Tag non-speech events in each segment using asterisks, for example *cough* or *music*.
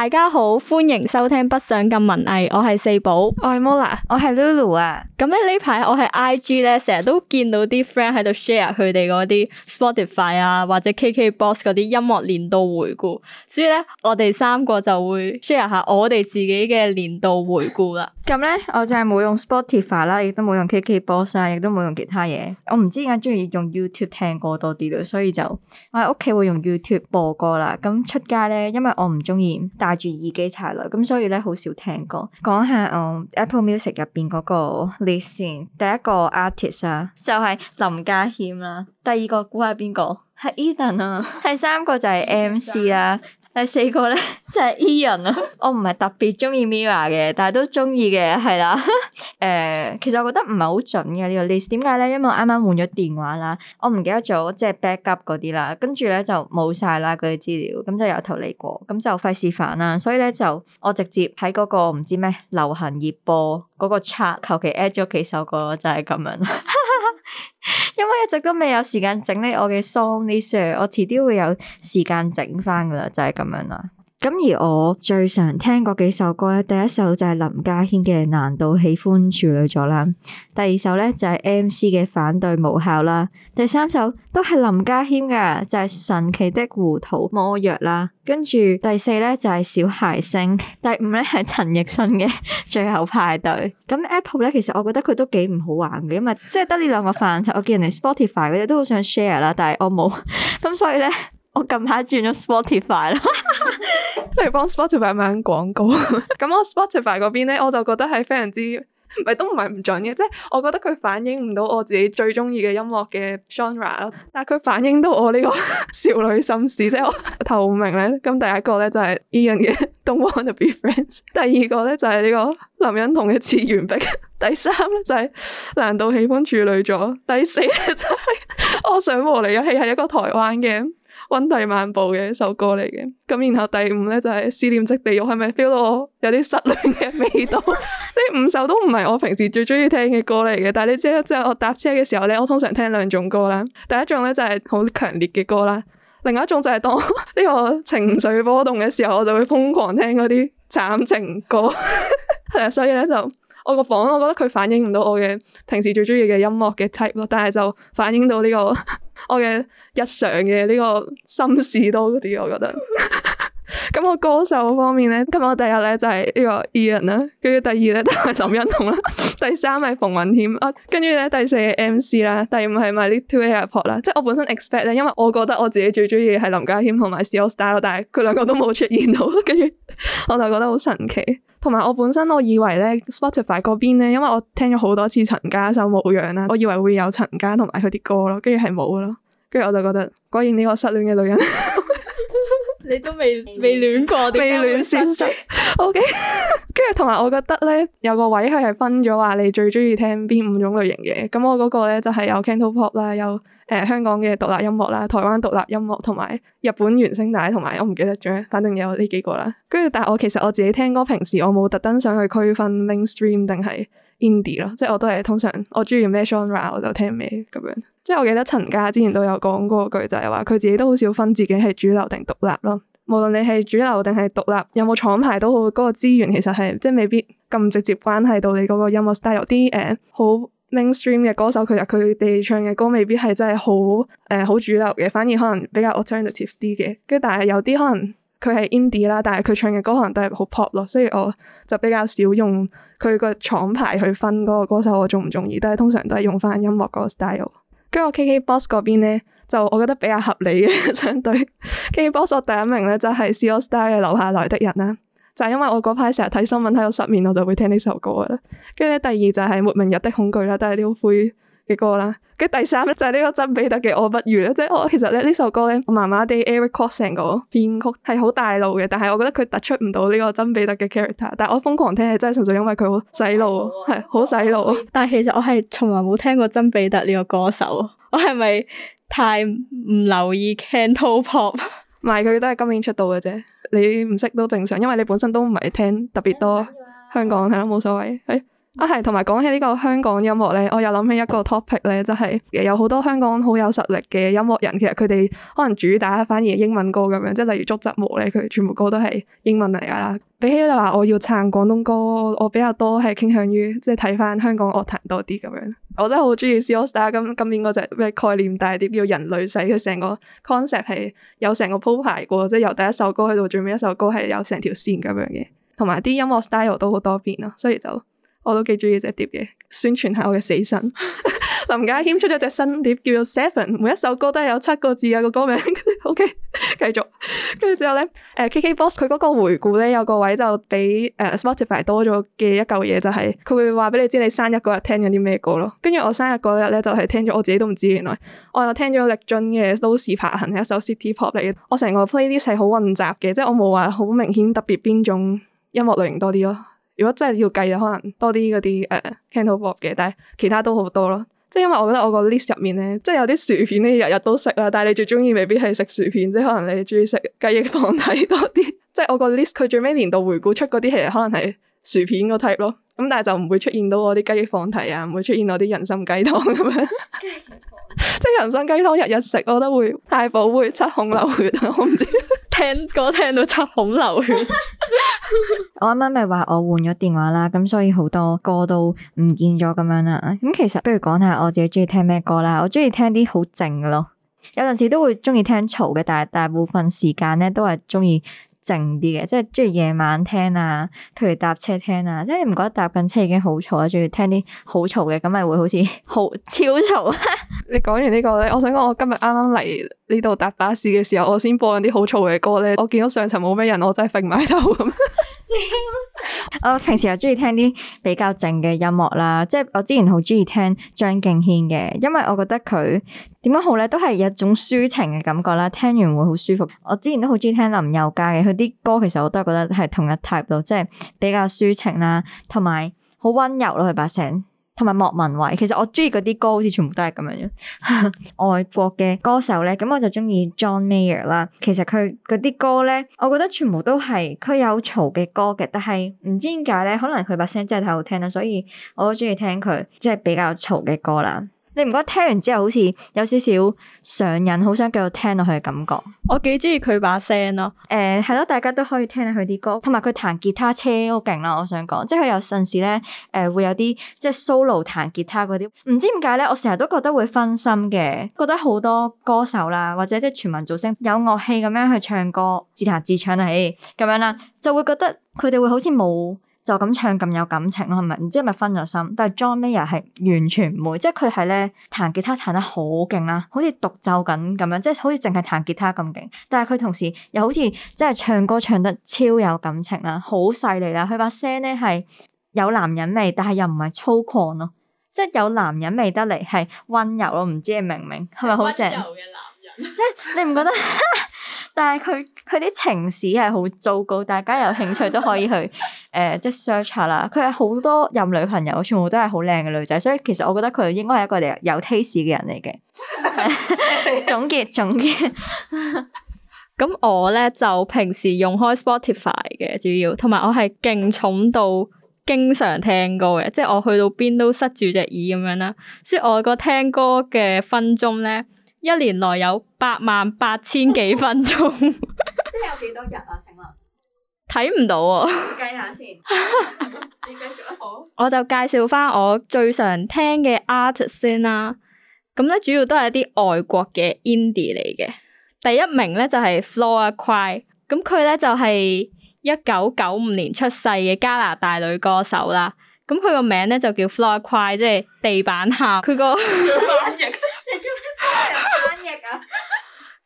大家好，歡迎收聽《不想咁文藝》，我係四寶，我係 Mola，我係 Lulu 啊。咁咧呢排我喺 IG 咧，成日都見到啲 friend 喺度 share 佢哋嗰啲 Spotify 啊，或者 KKBOX 嗰啲音樂年度回顧。所以咧，我哋三個就會 share 下我哋自己嘅年度回顧啦。咁咧，我就係冇用 Spotify 啦，亦都冇用 KKBOX 啊，亦都冇用其他嘢。我唔知點解中意用 YouTube 聽歌多啲啦，所以就我喺屋企會用 YouTube 播歌啦。咁出街咧，因為我唔中意大。戴住耳機太耐，咁所以咧，好少聽歌。講下我 Apple Music 入邊嗰個 list 先，第一個 artist 啊，就係林家謙啦、啊。第二個估下邊個？係 Edan 啊。第三個就係 MC 啦、啊。第四個咧，就係 E 人啊！ *laughs* 我唔係特別中意 Mia r 嘅，但係都中意嘅，係啦。誒、 *laughs* 呃，其實我覺得唔係好準嘅呢、這個 list。點解咧？因為我啱啱換咗電話啦，我唔記得咗即係 backup 嗰啲啦，跟住咧就冇晒啦嗰啲資料，咁就有頭嚟過，咁就費事煩啦。所以咧就我直接喺嗰、那個唔知咩流行熱播嗰個 chat，求其 at 咗幾首歌就係咁樣。因為一直都未有時間整理我嘅 song 呢些，我遲啲會有時間整翻噶啦，就係、是、咁樣啦。咁而我最常聽嗰幾首歌咧，第一首就係林家謙嘅《難道喜歡處女座》啦，第二首咧就係 M C 嘅《反對無效》啦，第三首都係林家謙嘅就係、是《神奇的糊塗魔藥》啦，跟住第四咧就係、是《小諧星》，第五咧係陳奕迅嘅《最後派對》。咁 Apple 咧，其實我覺得佢都幾唔好玩嘅，因為即係得呢兩個範疇，我見人哋 Spotify 佢哋都好想 share 啦，但係我冇，咁所以咧我近排轉咗 Spotify 啦。 *laughs* 不如幫 Spotify 買廣告，咁 *laughs* 我 Spotify 嗰邊咧，我就覺得係非常之，咪都唔係唔準嘅，即係我覺得佢反映唔到我自己最中意嘅音樂嘅 genre 咯，但係佢反映到我呢個少女心事，即係我透明咧。咁第一個咧就係、是、Ian 嘅，Don't Wanna Be Friends。第二個咧就係、是、呢個林欣彤嘅次元壁。 *laughs* 第三咧就係、是、難道喜歡處女座？第四咧就係、是、我想和你一起係一個台灣嘅。溫蒂漫步嘅一首歌嚟嘅，咁然後第五咧就係、是、思念即地獄，係咪 feel 到我有啲失戀嘅味道？呢 *laughs* 五首都唔係我平時最中意聽嘅歌嚟嘅，但係你知道即係、就是、我搭車嘅時候咧，我通常聽兩種歌啦，第一種咧就係好強烈嘅歌啦，另外一種就係當呢個情緒波動嘅時候，我就會瘋狂聽嗰啲慘情歌，係啊，所以咧就。我，房我，我 type，個房， *laughs* 我覺得佢反映唔到我嘅平時最中意嘅音樂嘅 type 咯，但係就反映到呢個我嘅日常嘅呢個心事多嗰啲，我覺得。咁我歌手方面咧，今日我第一咧就係呢個 Ian 啦，跟住第二咧都係林欣彤啦，第三係馮允謙啦，跟住咧第四係 MC 啦，第五係 my little airport 啦。即係我本身 expect 咧，因為我覺得我自己最中意係林家謙同埋 C AllStar，但係佢兩個都冇出現到，跟住。我就覺得好神奇，同埋我本身我以為咧，Spotify 嗰邊咧，因為我聽咗好多次陳嘉首無恙啦，我以為會有陳嘉同埋佢啲歌咯，跟住係冇噶咯，跟住我就覺得果然呢個失戀嘅女人 *laughs* 你都未未戀過，未戀先生，OK。跟住同埋我覺得咧，有個位佢係分咗話你最中意聽邊五種類型嘅，咁我嗰個咧就係、是、有 Canto Pop 啦，有。誒、呃、香港嘅獨立音樂啦，台灣獨立音樂同埋日本原聲帶，同埋我唔記得咗，反正有呢幾個啦。跟住，但係我其實我自己聽歌，平時我冇特登想去區分 mainstream 定係 indie 咯，即係我都係通常我中意咩 genre 我就聽咩咁樣。即係我記得陳嘉之前都有講過句，就係話佢自己都好少分自己係主流定獨立咯。無論你係主流定係獨立，有冇廠牌都好，嗰、嗰個資源其實係即係未必咁直接關係到你嗰個音樂 style 有。有啲誒好。mainstream 嘅歌手佢哋其實佢哋唱嘅歌未必係真係好誒好主流嘅，反而可能比較 alternative 啲嘅。跟住但係有啲可能佢係 indie 啦，但係佢唱嘅歌可能都係好 pop 咯。所以我就比較少用佢個廠牌去分嗰個歌手我中唔中意，都係通常都係用翻音樂嗰個 style。跟住我 KKBOX 嗰邊咧，就我覺得比較合理嘅 *laughs* 相對。KKBOX 我第一名咧就係、是、C AllStar 嘅留下來的人啦。就係因為我嗰排成日睇新聞睇到失眠，我就會聽呢首歌啦。跟住咧，第二就係、是《沒明日的恐懼》啦，都係啲灰嘅歌啦。跟住第三咧就係呢、這個曾比特嘅《我不如》啦，即係我其實咧呢首歌咧，麻麻地 Eric Clapton 個編曲係好大路嘅，但係我覺得佢突出唔到呢個曾比特嘅 character。但係我瘋狂聽係真係純粹因為佢好洗腦，係好洗腦。洗但係其實我係從來冇聽過曾比特呢、這個歌手，我係咪太唔留意 Cantopop？埋佢都係今年出道嘅啫，你唔識都正常，因為你本身都唔係聽特別多香港，係咯冇所謂。誒、哎，啊係，同埋講起呢個香港音樂咧，我又諗起一個 topic 咧，就係、是、有好多香港好有實力嘅音樂人，其實佢哋可能主打反而英文歌咁樣，即係例如觸執毛咧，佢全部歌都係英文嚟噶啦。比起你話我要撐廣東歌，我比較多係傾向於即係睇翻香港樂壇多啲咁樣。我真係好中意 C AllStar，今今年嗰隻咩概念大碟叫《人類世》，佢成個 concept 係有成個鋪排過，即係由第一首歌去到最尾一首歌係有成條線咁樣嘅，同埋啲音樂 style 都好多變咯，所以就我都幾中意隻碟嘅宣傳，下我嘅死神。 *laughs* 林家謙出咗隻新碟，叫做 Seven，每一首歌都係有七個字啊個歌名。OK，繼續，跟住之後咧，誒、uh, KKBOX 佢嗰個回顧咧有個位就比誒、uh, Spotify 多咗嘅一嚿嘢就係，佢會話俾你知你生日嗰日聽咗啲咩歌咯。跟住我生日嗰日咧就係、是、聽咗我自己都唔知原來，我又聽咗力臻嘅都市爬行一首 City Pop 嚟嘅。我成個 playlist 係好混雜嘅，即、就、係、是、我冇話好明顯特別邊種音樂類型多啲咯。如果真係要計就可能多啲嗰啲誒 Cantopop 嘅，但係其他都好多咯。即係因為我覺得我個 list 入面咧，即係有啲薯片咧日日都食啦，但係你最中意未必係食薯片，即係可能你中意食雞翼放題多啲。即係我個 list 佢最尾年度回顧出嗰啲，其實可能係薯片個 type 咯。咁但係就唔會出現到我啲雞翼放題啊，唔會出現到我啲人參雞湯咁樣。 *laughs* *laughs* *laughs* 即係人參雞湯日日食，我覺得會太補，會七孔流血啊！我唔知。 *laughs* 聽歌聽到七孔流血， *laughs* *laughs* 我啱啱咪話我換咗電話啦，咁所以好多歌都唔見咗咁樣啦。咁其實不如講下我自己中意聽咩歌啦，我中意聽啲好靜嘅咯，有陣時都會中意聽嘈嘅，但係大部分時間咧都係中意。靜啲嘅，即係中意夜晚聽啊，譬如搭車聽啊，即係你唔覺得搭緊車已經好嘈，中意聽啲好嘈嘅，咁咪會好似好超嘈。你講完呢個咧，我想講我今日啱啱嚟呢度搭巴士嘅時候，我先播緊啲好嘈嘅歌咧，我見到上層冇咩人，我真係瞓埋頭。 *laughs* 我平時又中意聽啲比較靜嘅音樂啦，即係我之前好中意聽張敬軒嘅，因為我覺得佢點樣好咧，都係有一種抒情嘅感覺啦，聽完會好舒服。我之前都好中意聽林宥嘉嘅，佢啲歌其實我都係覺得係同一 type 咯，即係比較抒情啦，同埋好溫柔咯，佢把聲。同埋莫文蔚，其實我中意嗰啲歌，好似全部都係咁樣樣。 *laughs* 外國嘅歌手咧，咁我就中意 John Mayer 啦。其實佢嗰啲歌咧，我覺得全部都係佢有嘈嘅歌嘅，但係唔知點解咧，可能佢把聲真係太好聽啦，所以我都中意聽佢即係比較嘈嘅歌啦。你唔覺得聽完之後好似有少少上癮，好點點癮想繼續聽落去嘅感覺？我幾中意佢把聲咯，誒係咯，大家都可以聽下佢啲歌，同埋佢彈吉他好勁啦！我想講，即係佢有陣時咧，誒、呃、會有啲即係 solo 彈吉他嗰啲，唔知點解咧，我成日都覺得會分心嘅，覺得好多歌手啦，或者即、就、係、是、全民造星有樂器咁樣去唱歌自彈自唱起咁、欸、樣啦，就會覺得佢哋會好似冇。就咁唱咁有感情咯，係咪？唔知係咪分咗心？但係 John Mayer 係完全唔會，即係佢係咧彈吉他彈得好勁啦，好似獨奏緊噉樣，即係好似淨係彈吉他咁勁。但係佢同時又好似即係唱歌唱得超有感情啦，好犀利啦！佢把聲咧係有男人味，但係又唔係粗獷咯，即係有男人味得嚟係溫柔咯。唔知你明唔明？係咪好正？溫柔嘅男人，即係你唔覺得？但係佢佢啲情史係好糟糕，大家有興趣都可以去誒、 *laughs* 呃，即係 search 下啦。佢係好多任女朋友，全部都係好靚嘅女仔，所以其實我覺得佢應該係一個有 taste 嘅人嚟嘅。。 *laughs* *laughs* 總結總結。咁 *laughs* 我咧就平時用開 Spotify 嘅主要，同埋我係勁重到經常聽歌嘅，即係我去到邊都塞住隻耳咁樣啦。即係我個聽歌嘅分鐘咧。一年內有八萬八千幾分鐘。哦， *laughs* 即係有幾多日啊？請問睇唔到啊？計下先，點計做好？我就介紹翻我最常聽嘅 artist 先啦。咁咧主要都係啲外國嘅 indie 嚟嘅。第一名咧就係 FLOOR CRY，咁佢咧就係一九九五年出世嘅加拿大女歌手啦。咁佢個名咧就叫 floor cry，即係地板喊。佢個翻譯，你做咩翻譯啊？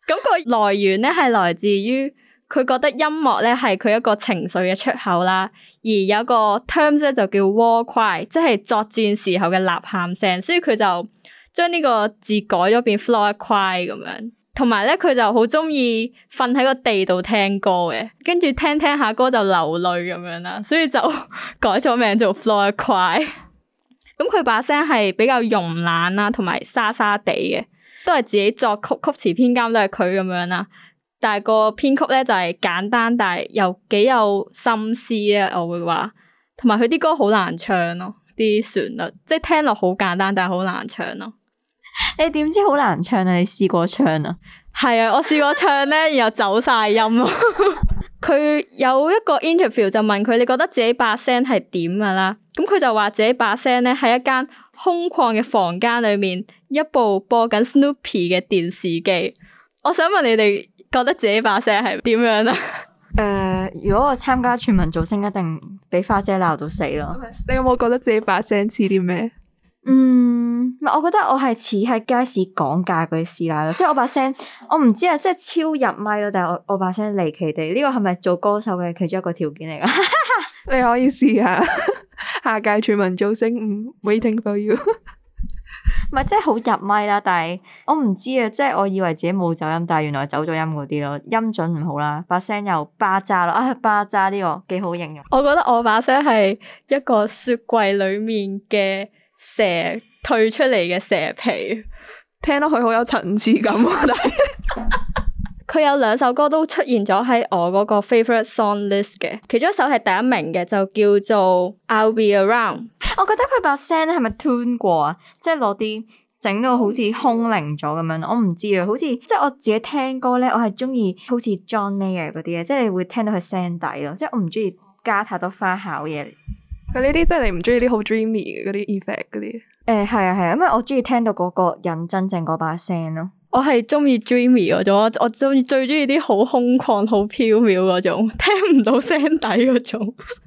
咁個來源咧係來自於佢覺得音樂咧係佢一個情緒嘅出口啦，而有個 terms 咧就叫 war cry，即係作戰時候嘅吶喊聲，所以佢就將呢個字改咗變 floor cry 咁樣。同埋咧，佢就好中意瞓喺個地度聽歌嘅，跟住聽著聽下歌就流淚咁樣啦，所以就 *laughs* 改咗名做 FLOOR CRY。咁佢把聲係比較慵懶啦，同埋沙沙地嘅，都係自己作曲、曲詞、編監都係佢咁樣啦。但係個編曲咧就係、是、簡單，但係又幾有心思啊，我會話。同埋佢啲歌好難唱咯，啲旋律即係聽落好簡單，但係好難唱咯。你點知好難唱啊？你試過唱啊？係啊，我試過唱咧，然後走晒音咯。佢 *laughs* 有一個 interview 就問佢：你覺得自己把聲係點噶啦？咁佢就話自己把聲咧喺一間空曠嘅房間裏面，一部播緊 Snoopy 嘅電視機。我想問你哋覺得自己把聲係點樣啊？誒、呃，如果我參加全民造星，一定俾花姐鬧到死咯。你有冇覺得自己把聲似啲咩？嗯。唔係、嗯，我覺得我係似喺街市講價嗰啲師奶咯，即係我把聲，我唔知啊，即係超入咪咯，但係我我把聲離奇地，呢個係咪做歌手嘅其中一個條件嚟啊？ *laughs* 你可以試 *laughs* 下下屆全民造星五，waiting for you。唔係，即係好入咪啦，但係我唔知啊，即係我以為自己冇走音，但係原來走咗音嗰啲咯，音準唔好啦，把聲又巴渣咯，啊巴渣呢個幾好形容。我覺得我把聲係一個雪櫃裏面嘅蛇。退出嚟嘅蛇皮，聽到佢好有層次感。我睇佢有兩首歌都出現咗喺我嗰個 favorite song list 嘅，其中一首係第一名嘅，就叫做 I'll Be Around。我覺得佢把聲咧係咪 tune 過啊？即係攞啲整到好似空靈咗咁樣。我唔知啊，好似即係我自己聽歌咧，我係中意好似 John Mayer 嗰啲啊，即係你會聽到佢聲底咯。即係我唔中意加太多花巧嘢。佢呢啲即係你唔中意啲好 dreamy 嘅嗰啲 effect 嗰啲？誒係啊係啊，因為我中意聽到嗰個人真正嗰把聲咯。我係中意 dreamy 嗰種，我我中意最中意啲好空曠、好飄渺嗰種，聽唔到聲底嗰種。 *laughs*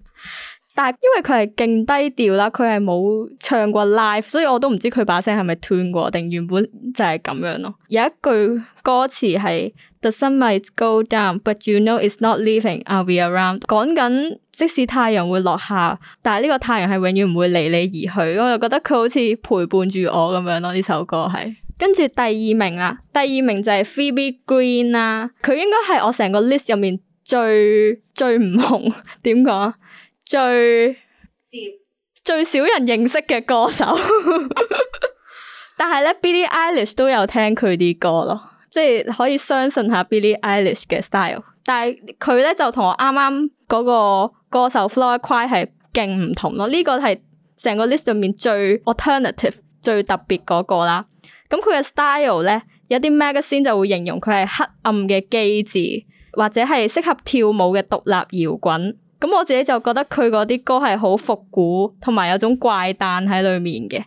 但係，因為佢係勁低調啦，佢係冇唱過 live，所以我都唔知佢把聲係咪 tune 過，定原本就係咁樣咯。有一句歌詞係 The sun might go down，but you know it's not leaving. I'll be around，講緊即使太陽會落下，但係呢個太陽係永遠唔會離你而去。我就覺得佢好似陪伴住我咁樣咯啊。呢首歌係跟住第二名啦，第二名就係 Phoebe Green 啦，佢應該係我成個 list 入面最最唔紅，點講？最少人認識嘅歌手 *laughs* *laughs* 但呢，但係咧，Billie Eilish 都有聽佢啲歌咯，即係可以相信下 Billie Eilish 嘅 style。但係佢咧就同我啱啱嗰個歌手 FLOOR CRY 係勁唔同咯。呢個係成個 list 入面最 alternative、最特別嗰個啦。咁佢嘅 style 咧，有啲咩先就會形容佢係黑暗嘅機智，或者係適合跳舞嘅獨立搖滾。咁我自己就覺得佢嗰啲歌係好復古，同埋有，有種怪誕喺裏面嘅，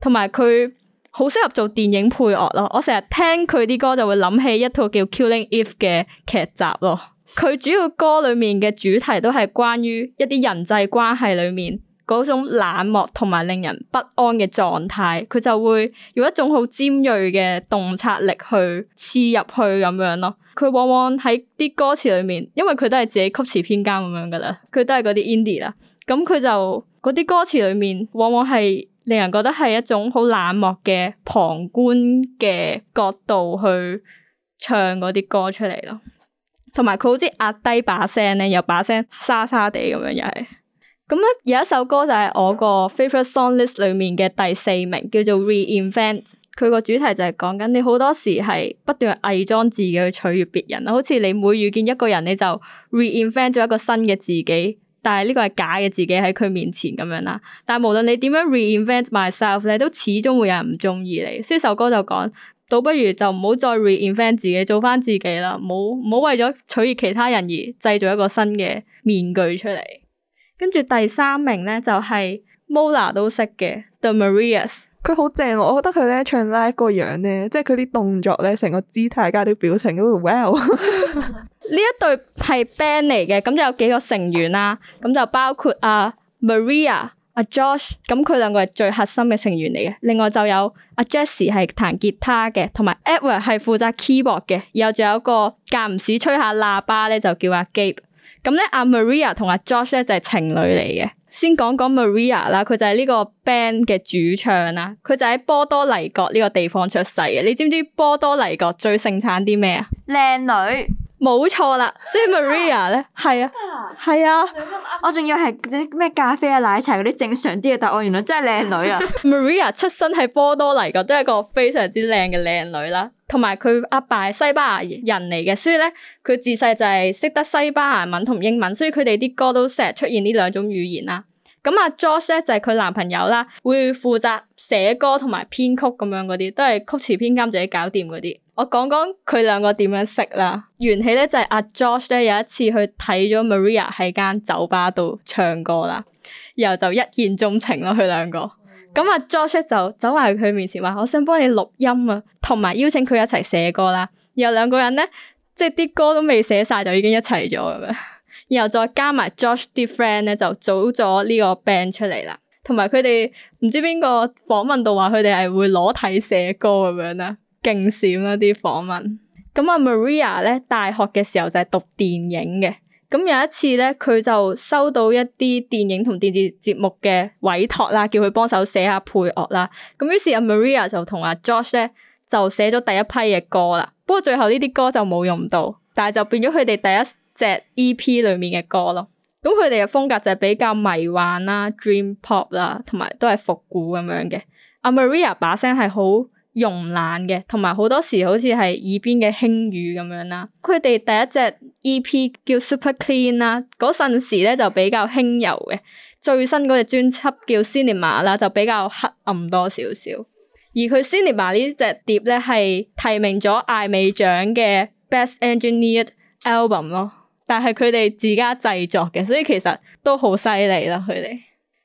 同埋佢好適合做電影配樂咯。我成日聽佢啲歌就會諗起一套叫《Killing Eve》嘅劇集咯。佢主要歌裏面嘅主題都係關於一啲人際關係裏面，嗰種冷漠同埋令人不安嘅狀態，佢就會用一種好尖鋭嘅洞察力去刺入去咁樣咯。佢往往喺啲歌詞裏面，因為佢都係自己曲詞編監咁樣噶啦，佢都係嗰啲 indie 啦。咁佢就嗰啲歌詞裏面，往往係令人覺得係一種好冷漠嘅旁觀嘅角度去唱嗰啲歌出嚟咯。同埋佢好似壓低把聲咧，又把聲沙沙地咁樣，又係。咁咧，有一首歌就係我個 favorite song list 裏面嘅第四名，叫做 Reinvent。佢個主題就係講緊你好多時係不斷偽裝自己去取悅別人，好似你每遇見一個人你就 Reinvent 咗一個新嘅自己，但係呢個係假嘅自己喺佢面前咁樣啦。但係無論你點樣 Reinvent myself 咧，都始終會有人唔中意你。所以首歌就講，倒不如就唔好再 Reinvent 自己，做翻自己啦，冇冇為咗取悅其他人而製造一個新嘅面具出嚟。跟住第三名咧，就係 Mola 都識嘅 The Marias，佢好正喎，我覺得佢咧唱 live 個樣咧，即係佢啲動作咧，成個姿態加啲表情，都 well 呢一對係 band 嚟嘅，咁就有幾個成員啦，咁就包括啊 Maria、阿 Josh，咁佢兩個係最核心嘅成員嚟嘅，另外就有阿 Jessie 係彈吉他嘅，同埋 Edward 係負責 keyboard 嘅，然後仲有一個間唔時吹下喇叭咧，就叫阿 Gabe。咁咧，阿 Maria 同阿 Josh 咧就係情侶嚟嘅。先講講 Maria 啦，佢就係呢個 band 嘅主唱啦。佢就喺波多黎各呢個地方出世嘅。你知唔知波多黎各最盛產啲咩啊？靚女。冇錯啦，所以 Maria 咧係 *laughs* 啊，係啊， *laughs* 我仲要係嗰啲咩咖啡啊、奶茶嗰啲正常啲嘅答案。原來真係靚女啊 *laughs* *laughs* ！Maria 出身喺波多黎各，都係一個非常之靚嘅靚女啦，同埋佢阿爸係西班牙人嚟嘅，所以咧佢自細就係識得西班牙文同英文，所以佢哋啲歌都成日出現呢兩種語言啦。咁阿 Josh 咧就係佢男朋友啦，會負責寫歌同埋編曲咁樣嗰啲，都係曲詞編監自己搞掂嗰啲。我講講佢兩個點樣識啦。緣起咧就係阿 Josh 咧有一次去睇咗 Maria 喺間酒吧度唱歌啦，然後就一見鐘情咯。佢兩個，咁阿 Josh 就走埋佢面前話：嗯、我想幫你錄音啊，同埋邀請佢一齊寫歌啦。然後兩個人咧，即係啲歌都未寫晒就已經一齊咗咁樣。 *laughs* 然後再加埋 Josh 啲 friend 咧，就組咗呢個 band 出嚟啦。同埋佢哋唔知邊個訪問到話佢哋係會裸體寫歌咁樣啦，勁閃啦啲訪問。咁阿 Maria 咧，大學嘅時候就係讀電影嘅。咁有一次咧，佢就收到一啲電影同電視節目嘅委託啦，叫佢幫手寫下配樂啦。咁於是阿 Maria 就同阿 Josh 咧，就寫咗第一批嘅歌啦。不過最後呢啲歌就冇用到，但係就變咗佢哋第一隻 E.P. 裏面嘅歌咯，咁佢哋嘅風格就係比較迷幻啦、dream pop 啦，同埋都係復古咁樣嘅。阿、啊、Maria 把聲係好慵懶嘅，同埋好多時好似係耳邊嘅輕語咁樣啦。佢哋第一隻 E.P. 叫 Super Clean 啦，嗰陣時咧就比較輕柔嘅。最新嗰隻專輯叫 Cinema 啦，就比較黑暗多少少。而佢 Cinema 呢隻碟咧係提名咗艾美獎嘅 Best Engineered Album 咯。但係佢哋自家製作嘅，所以其實都好犀利啦！佢哋，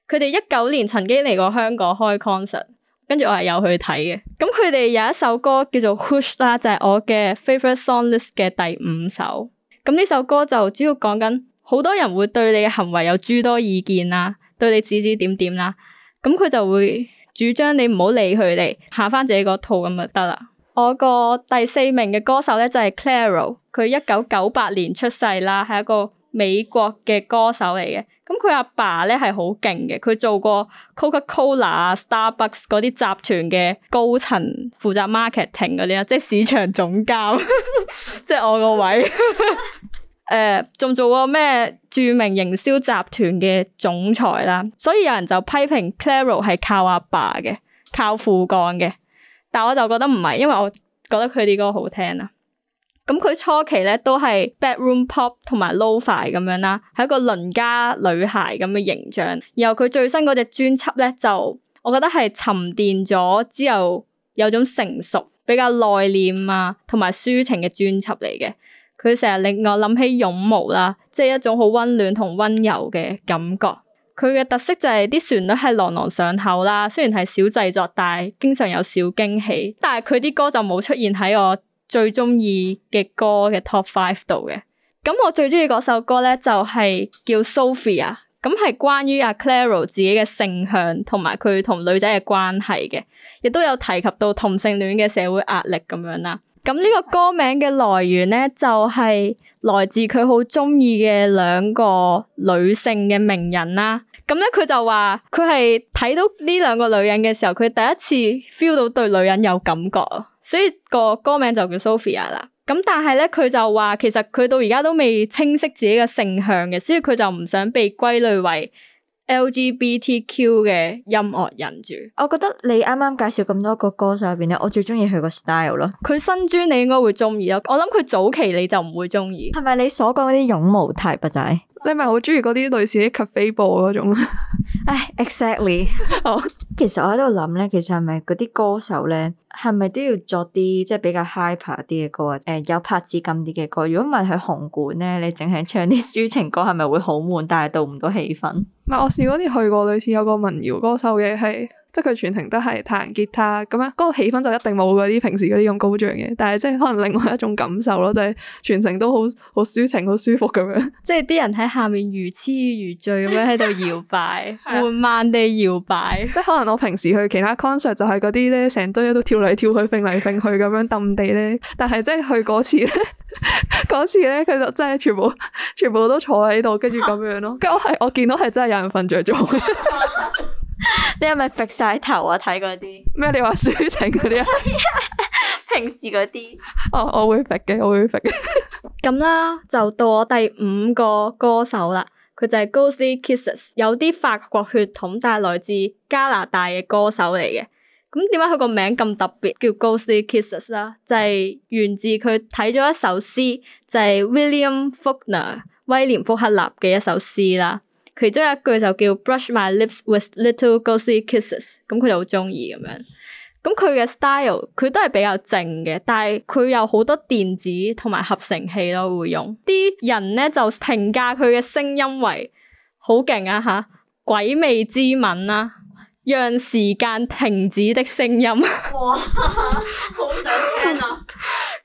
佢哋一九年曾經嚟過香港開 concert，跟住我係有去睇嘅。咁佢哋有一首歌叫做《Hush》啦，就係我嘅 Favorite Song List 嘅第五首。咁呢首歌就主要講緊，好多人會對你嘅行為有諸多意見啦，對你指指點點啦。咁佢就會主張你唔好理佢哋，下翻自己個套咁就得啦。我個第四名嘅歌手咧就係 Clairo。佢一九九八年出世啦，係一個美國嘅歌手嚟嘅。咁佢阿爸咧係好勁嘅，佢做過 Coca Cola、Starbucks 嗰啲集團嘅高層，負責 marketing 嗰啲啊，即係市場總監， *laughs* 即係我個位。誒、 *laughs* 呃，仲做過咩著名營銷集團嘅總裁啦？所以有人就批評 Clairo 係靠阿爸嘅，靠父幹嘅。但我就覺得唔係，因為我覺得佢啲歌好聽啊。咁佢初期咧都係 Bedroom Pop 同埋 Lo-Fi 咁樣啦，係一個鄰家女孩咁嘅形象。然後佢最新嗰隻專輯咧，就我覺得係沉澱咗之後，有種成熟、比較內斂啊，同埋抒情嘅專輯嚟嘅。佢成日令我諗起絨毛啦，即係一種好溫暖同溫柔嘅感覺。佢嘅特色就係啲旋律係朗朗上口啦，雖然係小製作，但係經常有小驚喜。但係佢啲歌就冇出現喺我最中意嘅歌嘅 Top Five 度嘅，咁我最中意嗰首歌咧就係叫 Sofia，咁係關於阿 Clairo 自己嘅性向同埋佢同女仔嘅關係嘅，亦都有提及到同性戀嘅社會壓力咁樣啦。咁呢個歌名嘅來源咧就係來自佢好中意嘅兩個女性嘅名人啦。咁咧佢就話佢係睇到呢兩個女人嘅時候，佢第一次 feel 到對女人有感覺。所以個歌名就叫 Sofia 啦，咁但係咧佢就話其實佢到而家都未清晰自己嘅性向嘅，所以佢就唔想被歸類為 LGBTQ 嘅音樂人住。我覺得你啱啱介紹咁多個歌手入邊咧，我最中意佢個 style 咯。佢新專你應該會中意咯，我諗佢早期你就唔會中意。係咪你所講嗰啲勇武 type 就係？你咪好中意嗰啲類似啲咖啡播嗰種？唉、 *laughs* 哎、，exactly *laughs* 好。哦，其實我喺度諗咧，其實係咪嗰啲歌手咧，係咪都要作啲即係比較 hyper 啲嘅歌啊？誒、呃，有拍子感啲嘅歌。如果唔係喺紅館咧，你淨係唱啲抒情歌，係咪會好悶？但係到唔到氣氛？唔係，我試過啲去過，類似有個民謠歌手嘅係。即係佢全程都係彈吉他咁樣，嗰個氣氛就一定冇嗰啲平時嗰啲咁高漲嘅。但係即係可能另外一種感受咯，就係全程都好好抒情、好舒服咁樣。即係啲人喺下面如痴如醉咁樣喺度搖擺，緩 *laughs* 慢地搖擺。 *laughs* 即係可能我平時去其他 concert 就係嗰啲咧，成堆喺度跳嚟跳去、揈嚟揈去咁樣掟地咧。 *laughs* 但係即係去嗰次咧，嗰 *laughs* 次咧佢就真係全部全部都坐喺度，跟住咁樣咯。跟住我係我見到係真係有人瞓着咗。 *laughs* *laughs* *laughs* 你係咪甩晒頭啊？睇嗰啲咩？你話抒情嗰啲啊？ *laughs* 平時嗰啲 *laughs* 哦，我會甩嘅，我會甩嘅。咁 *laughs* 啦，就到我第五個歌手啦，佢就係 Ghostly Kisses，有啲法國血統，但係來自加拿大嘅歌手嚟嘅。咁點解佢個名咁特別？叫 Ghostly Kisses 啦，就係源自佢睇咗一首詩，就係 William Faulkner 威廉福克納嘅一首詩啦。其中一句就叫 Brush my lips with little ghostly kisses，咁佢就好中意咁樣。咁佢嘅 style 佢都係比較靜嘅，但係佢有好多電子同埋合成器咯，會用啲人咧就評價佢嘅聲音為好勁啊吓，鬼魅之吻啦，啊，讓時間停止的聲音。 *laughs* 哇，好想聽啊！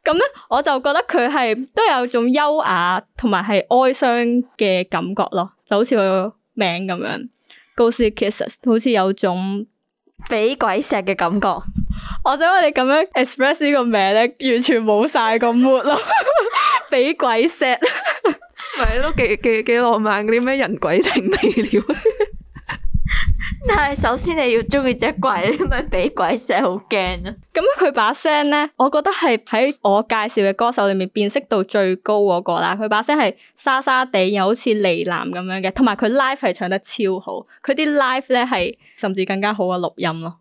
咁咧 *laughs* 我就覺得佢係都有種優雅同埋係哀傷嘅感覺咯。就好似個我名咁樣，Ghostly Kisses，好似有種畀鬼錫嘅感覺。 *laughs* *laughs* 我想我哋咁樣 express 呢個名咧，完全冇晒個 mood 咯，俾鬼錫，咪都幾幾幾浪漫啲咩人鬼情未了。 *laughs* 但係首先你要中意隻鬼，你咪俾鬼錫好驚啊！咁佢把聲咧，我覺得係喺我介紹嘅歌手裏面辨識度最高嗰個啦。佢把聲係沙沙地，又好似離男咁樣嘅，同埋佢 live 係唱得超好。佢啲 live 咧係甚至更加好嘅錄音咯。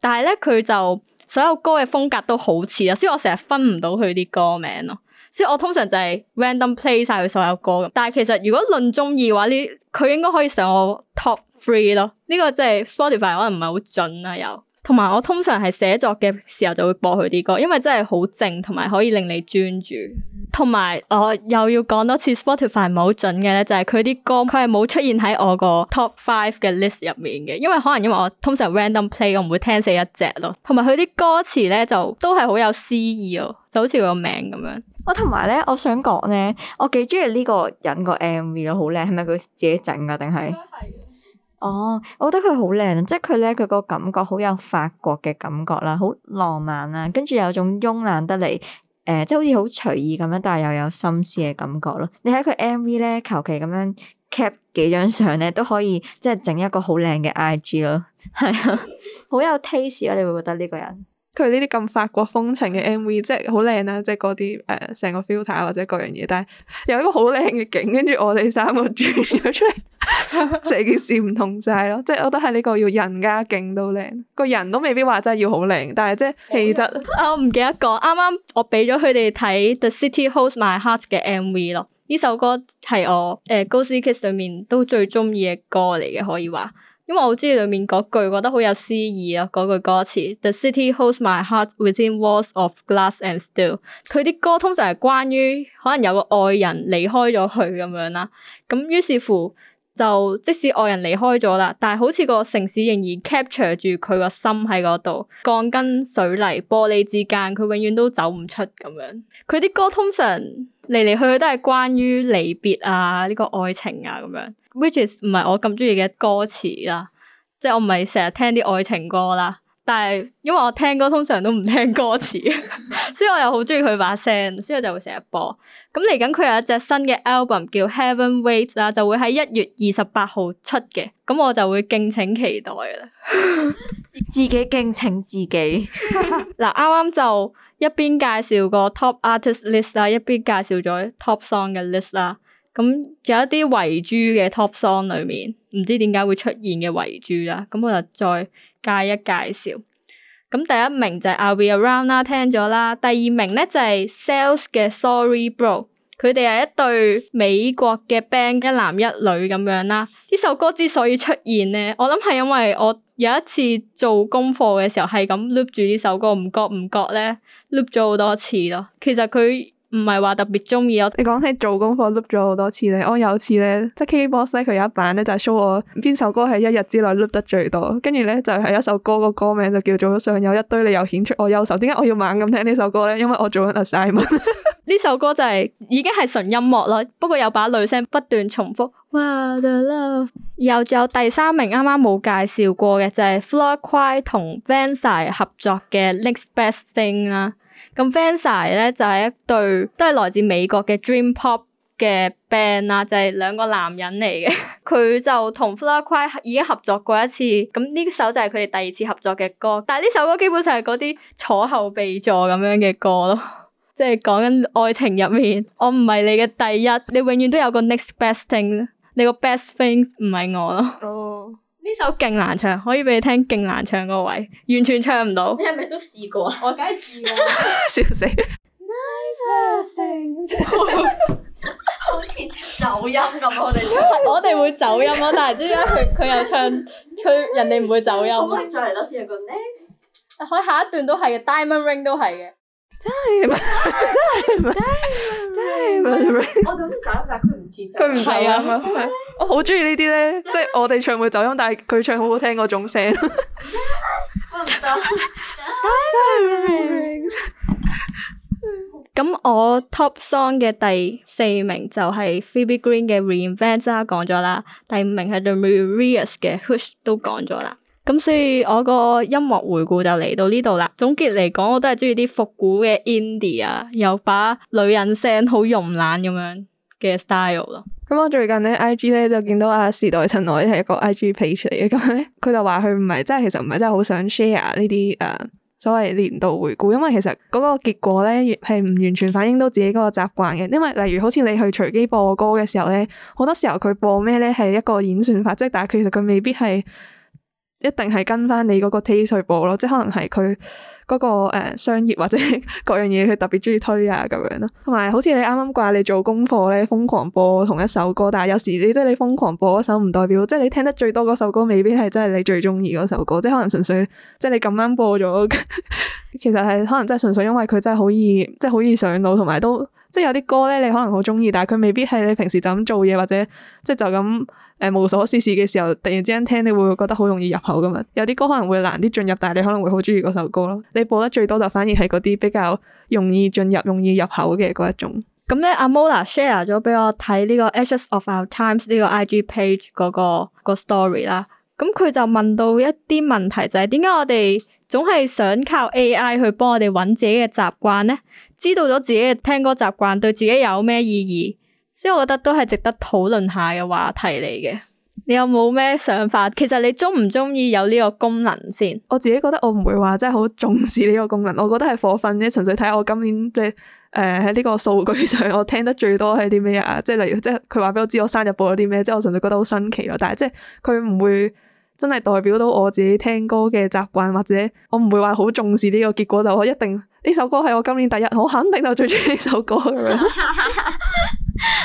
但係咧佢就所有歌嘅風格都好似啊，所以我成日分唔到佢啲歌名咯。所以我通常就係 random play 晒佢所有歌。但係其實如果論中意嘅話，你佢應該可以上我 top。free 咯，呢、這個即係 Spotify 可能唔係好準啊，又同埋我通常係寫作嘅時候就會播佢啲歌，因為真係好靜，同埋可以令你專注。同埋我又要講多次 Spotify 唔係好準嘅咧，就係佢啲歌佢係冇出現喺我個 Top Five 嘅 list 入面嘅，因為可能因為我通常 random play，我唔會聽死一隻咯。同埋佢啲歌詞咧就都係好有詩意哦，就好似佢個名咁樣。我同埋咧，我想講咧，我幾中意呢個人個 MV 咯，好靚，係咪佢自己整啊定係？哦，我覺得佢好靚，即係佢咧，佢個感覺好有法國嘅感覺啦，好浪漫啦，跟住又有種慵懶得嚟，誒、呃，即係好似好隨意咁樣，但係又有心思嘅感覺咯。你喺佢 MV 咧，求其咁樣 cap 幾張相咧，都可以即係整一個好靚嘅 IG 咯，係啊，好有 taste 啊，你會覺得呢個人。佢呢啲咁法國風情嘅 MV，即係好靚啦，即係嗰啲誒成個 filter 或者各樣嘢，但係有一個好靚嘅景，跟住我哋三個轉咗出嚟，成 *laughs* 件事唔同晒咯。即係我覺得係呢個要人家勁都靚，個人都未必話真係要好靚，但係即係氣質。我唔記得講，啱啱我畀咗佢哋睇《The City Holds My Heart v,》嘅 MV 咯。呢首歌係我誒 Ghostly Kisses 裏面都最中意嘅歌嚟嘅，可以話。因為我知道裏面嗰句覺得好有詩意啊，嗰句歌詞 The city holds my heart within walls of glass and steel. 佢啲歌通常係關於可能有個愛人離開咗佢咁樣啦，咁於是乎就即使愛人離開咗啦，但係好似個城市仍然 capture 住佢個心喺嗰度，鋼筋水泥玻璃之間，佢永遠都走唔出咁樣。佢啲歌通常嚟嚟去去都係關於離別啊，呢、這個愛情啊咁樣。Which is 唔係我咁中意嘅歌詞啦，即係我唔係成日聽啲愛情歌啦，但係因為我聽歌通常都唔聽歌詞， *laughs* 所以我又好中意佢把聲，所以我就會成日播。咁嚟緊佢有一隻新嘅 album 叫 Heaven Wait 啦，就會喺一月二十八號出嘅，咁我就會敬請期待啦。 *laughs* 自己敬請自己 *laughs* 。嗱，啱啱就一邊介紹個 top artist list 啦，一邊介紹咗 top song 嘅 list 啦。咁有一啲遺珠嘅 top song 裏面，唔知點解會出現嘅遺珠啦，咁我就再介一介紹。咁第一名就係 I'll Be Around 啦，聽咗啦。第二名咧就係 Sales 嘅 Sorry Bro，佢哋係一對美國嘅 band，一男一女咁樣啦。呢首歌之所以出現咧，我諗係因為我有一次做功課嘅時候，係咁 loop 住呢首歌，唔覺唔覺咧 loop 咗好多次咯。其實佢。唔係話特別中意我。你講起做功課 loop 咗好多次咧，我有次咧，即係 KKBox 咧，佢有一版咧就 show 我邊首歌係一日之內 loop 得最多，跟住咧就係、是、一首歌個歌名就叫做想有一堆你又顯出我優秀，點解我要猛咁聽呢首歌咧？因為我做緊 assignment，呢 *laughs* 首歌就係、是、已經係純音樂啦，不過有把女聲不斷重複，哇、wow！The love，然後仲有第三名啱啱冇介紹過嘅就係、是、FLOOR CRY 同 Vansire 合作嘅 Next Best Thing 啦。咁 Vansire 咧就係、是、一對都係來自美國嘅 Dream Pop 嘅 band 啊，就係兩個男人嚟嘅。佢 *laughs* 就同 FLOOR CRY 已經合作過一次，咁呢首就係佢哋第二次合作嘅歌。但係呢首歌基本上係嗰啲坐後備座咁樣嘅歌咯，即係講緊愛情入面。我唔係你嘅第一，你永遠都有個 Next Best Thing，你個 Best Thing 唔係我咯。Oh. 呢首勁難唱，可以畀你聽勁難唱個位，完全唱唔到。你係咪都試過？我梗係試過,， *laughs* 笑死了。Nice sing 好似走音咁，我哋唱。 *laughs* *laughs* 我哋會走音咯，但係點解佢佢又唱？吹，人哋唔會走音。再嚟多次，有個 next。開 *laughs* 下一段都係嘅，Diamond Ring 都係嘅。真係，真係，真係，我咁樣走音，但係佢唔似走，佢唔走啊！我好中意呢啲咧，即係我哋唱會走音，但係佢唱好好聽嗰種聲。屈唔到。Diamond rings。咁我 top song 嘅第四名就係 Phoebe Green 嘅 Reinvent，而家講咗啦。第五名係 The Marías 嘅 Hush，都講咗啦。咁所以，我個音樂回顧就嚟到呢度啦。總結嚟講，我都係中意啲復古嘅 indie 啊，又把女人聲好慵懶咁樣嘅 style 咯。咁、嗯、我最近咧，IG 咧就見到阿、啊、時代灰燼係一個 IG page 嚟嘅，咁咧佢就話佢唔係，真係其實唔係真係好想 share 呢啲誒、uh, 所謂年度回顧，因為其實嗰個結果咧係唔完全反映到自己嗰個習慣嘅。因為例如好似你去隨機播歌嘅時候咧，好多時候佢播咩咧係一個演算法，即係但係其實佢未必係。一定係跟翻你嗰個 taste 播咯，即係可能係佢嗰個誒、呃、商業或者各樣嘢，佢特別中意推啊咁樣咯。同埋好似你啱啱話你做功課咧瘋狂播同一首歌，但係有時你即係你瘋狂播一首唔代表，即係你聽得最多嗰首歌未必係真係你最中意嗰首歌，即係可能純粹即係你咁啱播咗， *laughs* 其實係可能真係純粹因為佢真係好易，即係好易上腦，同埋都。即係有啲歌咧，你可能好中意，但係佢未必係你平時就咁做嘢或者即係就咁誒、呃、無所事事嘅時候，突然之間聽你會覺得好容易入口㗎嘛。有啲歌可能會難啲進入，但係你可能會好中意嗰首歌咯。你播得最多就反而係嗰啲比較容易進入、容易入口嘅嗰一種。咁咧，阿 Mola share 咗俾我睇呢個《Ashes of Our Times》呢個 IG page 嗰、嗰個、嗰個 story 啦。咁佢就問到一啲問題就，就係點解我哋？總係想靠 AI 去幫我哋搵自己嘅習慣呢，知道咗自己嘅聽歌習慣，對自己有咩意義？所以我覺得都係值得討論下嘅話題嚟嘅。你有冇咩想法？其實你中唔中意有呢個功能先？我自己覺得我唔會話真係好重視呢個功能，我覺得係火瞓啫，純粹睇我今年即係誒喺呢個數據上，我聽得最多係啲咩啊？即係例如，即係佢話畀我知我生日播咗啲咩，即係我純粹覺得好新奇咯。但係即係佢唔會。真係代表到我自己聽歌嘅習慣，或者我唔會話好重視呢個結果，就我一定呢首歌係我今年第一，我肯定就最中意呢首歌。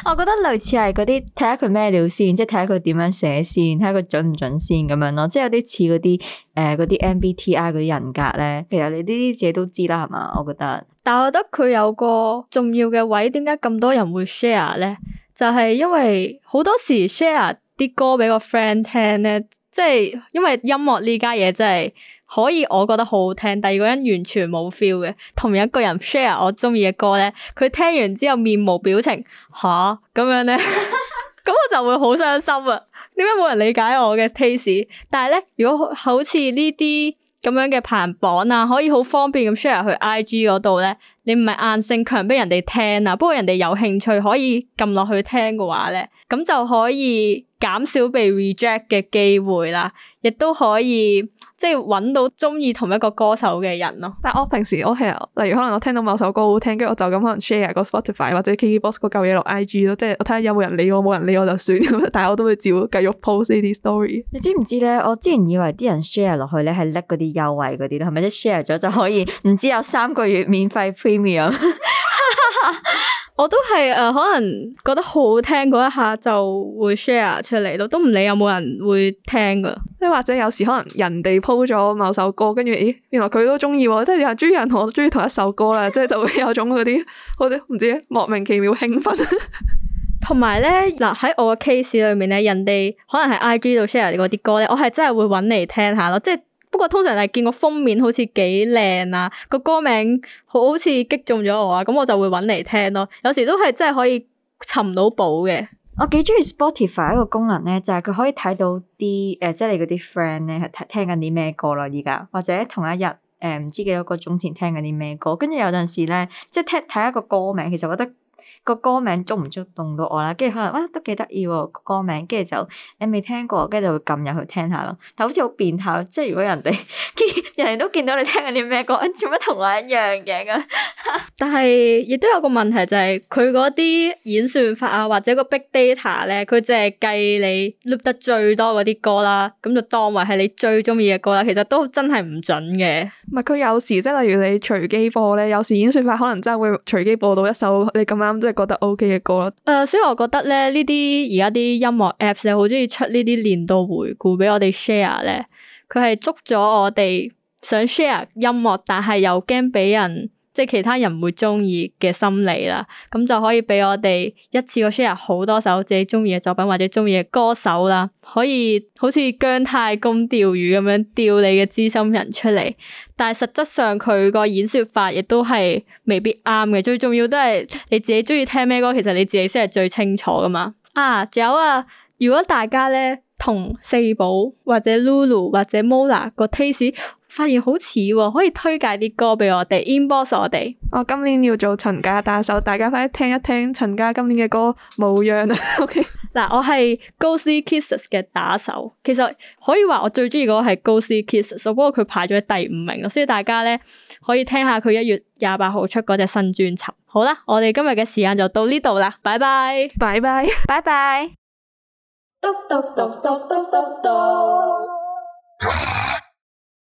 我覺得類似係嗰啲睇下佢咩料先，即係睇下佢點樣寫先，睇下佢準唔準先咁樣咯。即係有啲似嗰啲誒，嗰啲 MBTI 嗰啲人格咧。其實你呢啲自己都知啦，係嘛？我覺得，但係我覺得佢有個重要嘅位，點解咁多人會 share 咧？就係因為好多時 share 啲歌畀個 friend 聽咧。即係，因為音樂呢家嘢，真係可以，我覺得好好聽。第二個人完全冇 feel 嘅，同一個人 share 我中意嘅歌咧，佢聽完之後面無表情，吓，咁樣咧，咁 *laughs* 我就會好傷心啊！點解冇人理解我嘅 taste？但係咧，如果好似呢啲咁樣嘅排行榜啊，可以好方便咁 share 去 IG 嗰度咧，你唔係硬性強逼人哋聽啊。不過人哋有興趣可以撳落去聽嘅話咧，咁就可以。減少被 reject 嘅機會啦，亦都可以即係揾到中意同一個歌手嘅人咯。但係我平時我係，例如可能我聽到某首歌好聽，跟住我就咁可能 share 個 Spotify 或者 KKBOX 嗰嚿嘢落 IG 咯，即係我睇下有冇人理我，冇人理我就算。但係我都會照繼續 post 呢啲 story。你知唔知呢？我之前以為啲人 share 落去呢係叻嗰啲優惠嗰啲咯，係咪一 share 咗就可以唔知有三個月免費 Premium？我都係誒、呃，可能覺得好聽嗰一下就會 share 出嚟咯，都唔理有冇人會聽噶。即係或者有時可能人哋 po 咗某首歌，跟住咦，原來佢都中意喎，即係又人中意人，我中意同一首歌啦， *laughs* 即係就會有種嗰啲，嗰啲唔知莫名其妙興奮。同埋咧，嗱、呃、喺我嘅 case 裏面咧，人哋可能係 I G 度 share 你嗰啲歌咧，我係真係會搵嚟聽下咯，即係。不過通常係見個封面好似幾靚啊，個歌名好似擊中咗我啊，咁我就會揾嚟聽咯。有時都係真係可以尋到寶嘅。我幾中意 Spotify 一個功能咧，就係、是、佢可以睇到啲誒，即、呃、係、就是、你嗰啲 friend 咧係聽聽緊啲咩歌咯，而家或者同一日誒唔知幾多個鐘前聽緊啲咩歌。跟住有陣時咧，即係聽睇一個歌名，其實覺得。個歌名捉唔捉動到我啦？跟住可能哇，都幾得意個歌名，跟住就你未聽過，跟住就撳入去聽下咯。但好似好變態，即係如果人哋 *laughs* 人哋都見到你聽緊啲咩歌，做乜同我一樣嘅咁？ *laughs* 但係亦都有個問題就係佢嗰啲演算法啊，或者個 big data 咧，佢即係計你 l 得最多嗰啲歌啦，咁就當為係你最中意嘅歌啦。其實都真係唔準嘅。唔係佢有時即係例如你隨機播咧，有時演算法可能真係會隨機播到一首你咁樣。咁即係覺得 OK 嘅歌咯，誒、嗯，所以我覺得咧呢啲而家啲音樂 apps 咧好中意出呢啲年度回顧俾我哋 share 咧，佢係捉咗我哋想 share 音樂，但係又驚俾人，即係其他人唔會中意嘅心理啦，咁就可以俾我哋一次過 share 好多首自己中意嘅作品或者中意嘅歌手啦，可以好似姜太公釣魚咁樣釣你嘅知心人出嚟。但係實質上佢個演說法亦都係未必啱嘅，最重要都係你自己中意聽咩歌，其實你自己先係最清楚噶嘛。啊，仲有啊，如果大家咧同四寶或者 Lulu 或者 Mola 個 taste，發現好似、哦、可以推介啲歌畀我哋 inbox 我哋。我今年要做陳家打手，大家快啲聽一聽陳家今年嘅歌冇樣啊。OK， *laughs* 嗱，我係《Ghostly Kisses》嘅打手，其實可以話我最中意嗰係《Ghostly Kisses》，不過佢排咗第五名，所以大家咧可以聽下佢一月廿八號出嗰隻新專輯。好啦，我哋今日嘅時間就到呢度啦，拜拜，拜拜，拜拜。